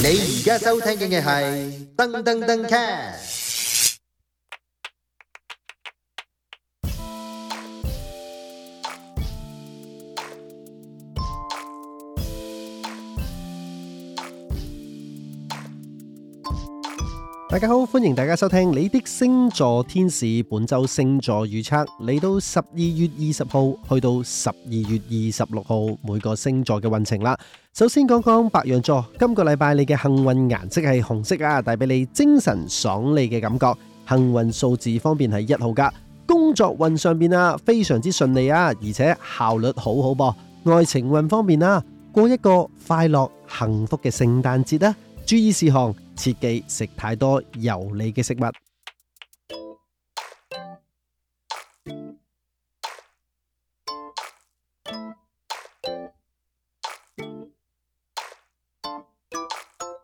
你而家收聽嘅係噔噔噔 cast。大家好，歡迎大家收聽你的星座天使，本周星座預測，嚟到十二月二十號去到十二月二十六號每個星座嘅運程啦。首先講講白羊座，今個禮拜你嘅幸運顏色係紅色啊，帶俾你精神爽利嘅感覺。幸運數字方面係一號噶，工作運上邊啊非常之順利啊，而且效率好好噃。愛情運方面啊，過一個快樂幸福嘅聖誕節啊，注意事項，切忌食太多油膩嘅食物。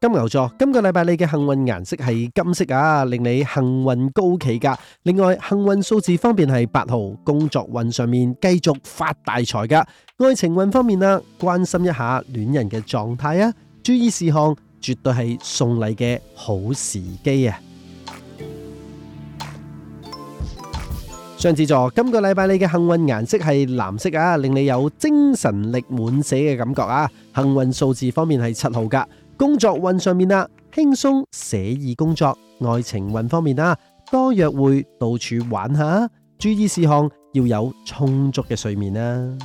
金牛座，今個禮拜你嘅幸運顏色係金色啊，令你幸運高企噶。另外，幸運數字方面係八號，工作運上面繼續發大財噶。愛情運方面啊，關心一下戀人嘅狀態啊，注意事項，絕對係送禮嘅好時機啊。雙子座，今個禮拜你嘅幸運顏色係藍色啊，令你有精神力滿瀉嘅感覺啊。幸運數字方面係七號噶。工作運上面啦，輕鬆寫意工作；愛情運方面啦，多約會，到處玩下。注意事項要有充足嘅睡眠啊。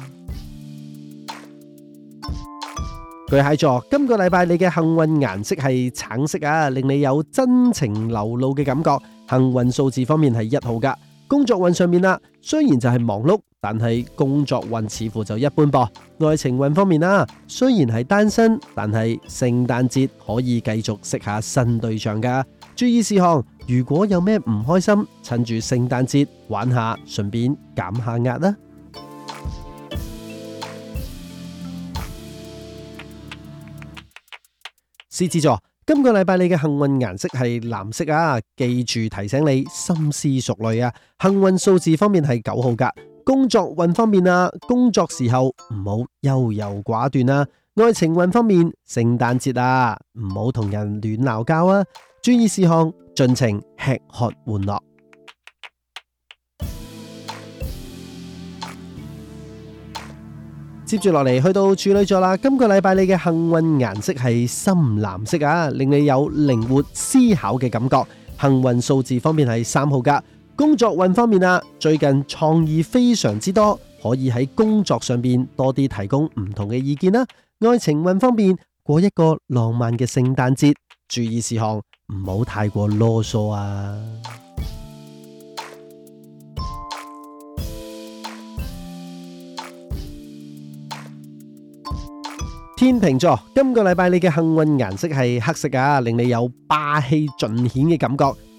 巨蟹座，今個禮拜你嘅幸運顏色係橙色啊，令你有真情流露嘅感覺。幸運數字方面係一號㗎。工作運上面啦，雖然就係忙碌。但係工作運似乎就一般噃。愛情運方面啦、啊，雖然係單身，但係聖誕節可以繼續識下新對象噶。注意事項，如果有咩唔開心，趁住聖誕節玩下，順便減下壓啦。獅子座，今個禮拜你嘅幸運顏色係藍色啊。記住提醒你深思熟慮啊。幸運數字方面係九號噶。工作運方面啊，工作時候唔好優柔寡斷啊。愛情運方面，聖誕節啊，唔好同人亂嘈交啊。注意事項，盡情吃喝玩樂。接住落嚟去到處女座啦，今個禮拜你嘅幸運顏色係深藍色啊，令你有靈活思考嘅感覺。幸運數字方面係三號噶。工作運方面啊，最近創意非常之多，可以喺工作上邊多啲提供唔同嘅意見啦。愛情運方面，過一個浪漫嘅聖誕節，注意事項唔好太過囉嗦啊。天秤座，今個禮拜你嘅幸運顏色係黑色啊，令你有霸氣盡顯嘅感覺。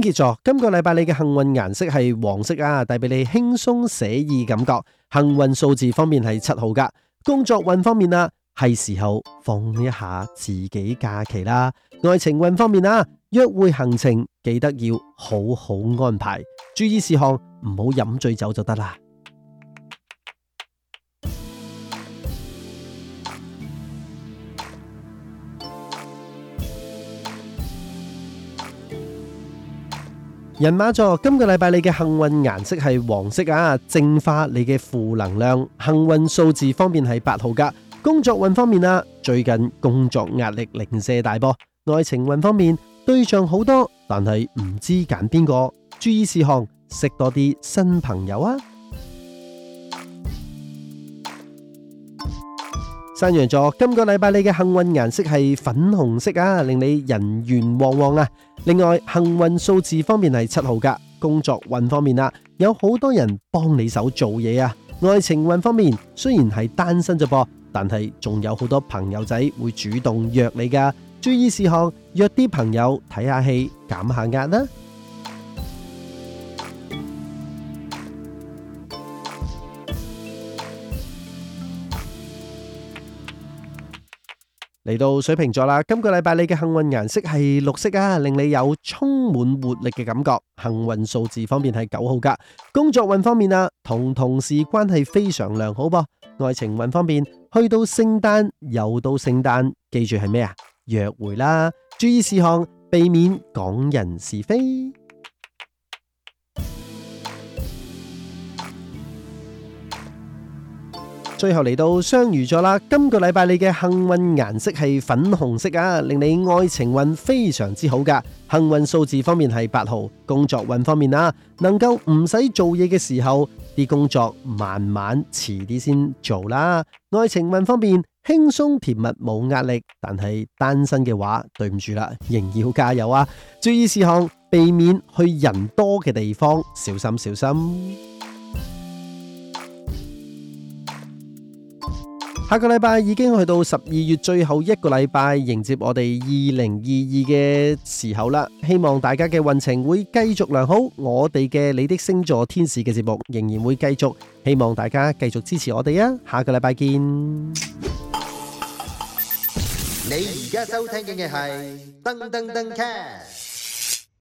天蠍座，今個禮拜你嘅幸運顏色係黃色啊，帶俾你輕鬆寫意感覺。幸運數字方面係七號㗎。工作運方面啊，係時候放一下自己假期啦。愛情運方面啊，約會行程記得要好好安排，注意事項唔好飲醉酒就得啦。人馬座，今個禮拜你嘅幸運顏色係黃色啊，淨化你嘅負能量。幸運數字方面係八號噶，工作運方面啊，最近工作壓力零舍大噃。愛情運方面，對象好多，但係唔知揀邊個，注意事項，識多啲新朋友啊！山羊座，今個禮拜你嘅幸運顏色係粉紅色啊，令你人緣旺旺啊。另外，幸運數字方面係七號噶。工作運方面啊，有好多人幫你手做嘢啊。愛情運方面，雖然係單身啫噃，但係仲有好多朋友仔會主動約你噶。注意事項，約啲朋友睇下戲，減下壓啦。嚟到水瓶座啦，今個禮拜你嘅幸運顏色係綠色啊，令你有充滿活力嘅感覺。幸運數字方面係九號噶，工作運方面啊，同同事關係非常良好噃。愛情運方面，去到聖誕又到聖誕，記住係咩啊？約會啦，注意事項，避免講人是非。最後嚟到雙魚座啦，今個禮拜你嘅幸運顏色係粉紅色啊，令你愛情運非常之好噶。幸運數字方面係八號，工作運方面啊，能夠唔使做嘢嘅時候，啲工作慢慢遲啲先做啦。愛情運方面輕鬆甜蜜冇壓力，但係單身嘅話，對唔住啦，仍要加油啊！注意事項，避免去人多嘅地方，小心小心。下個禮拜已經去到十二月最後一個禮拜，迎接我哋二零二二嘅時候啦。希望大家嘅運程會繼續良好我們的，我哋嘅你的星座天使嘅節目仍然會繼續，希望大家繼續支持我哋啊！下個禮拜見。你而家收聽緊嘅係噔噔噔 cast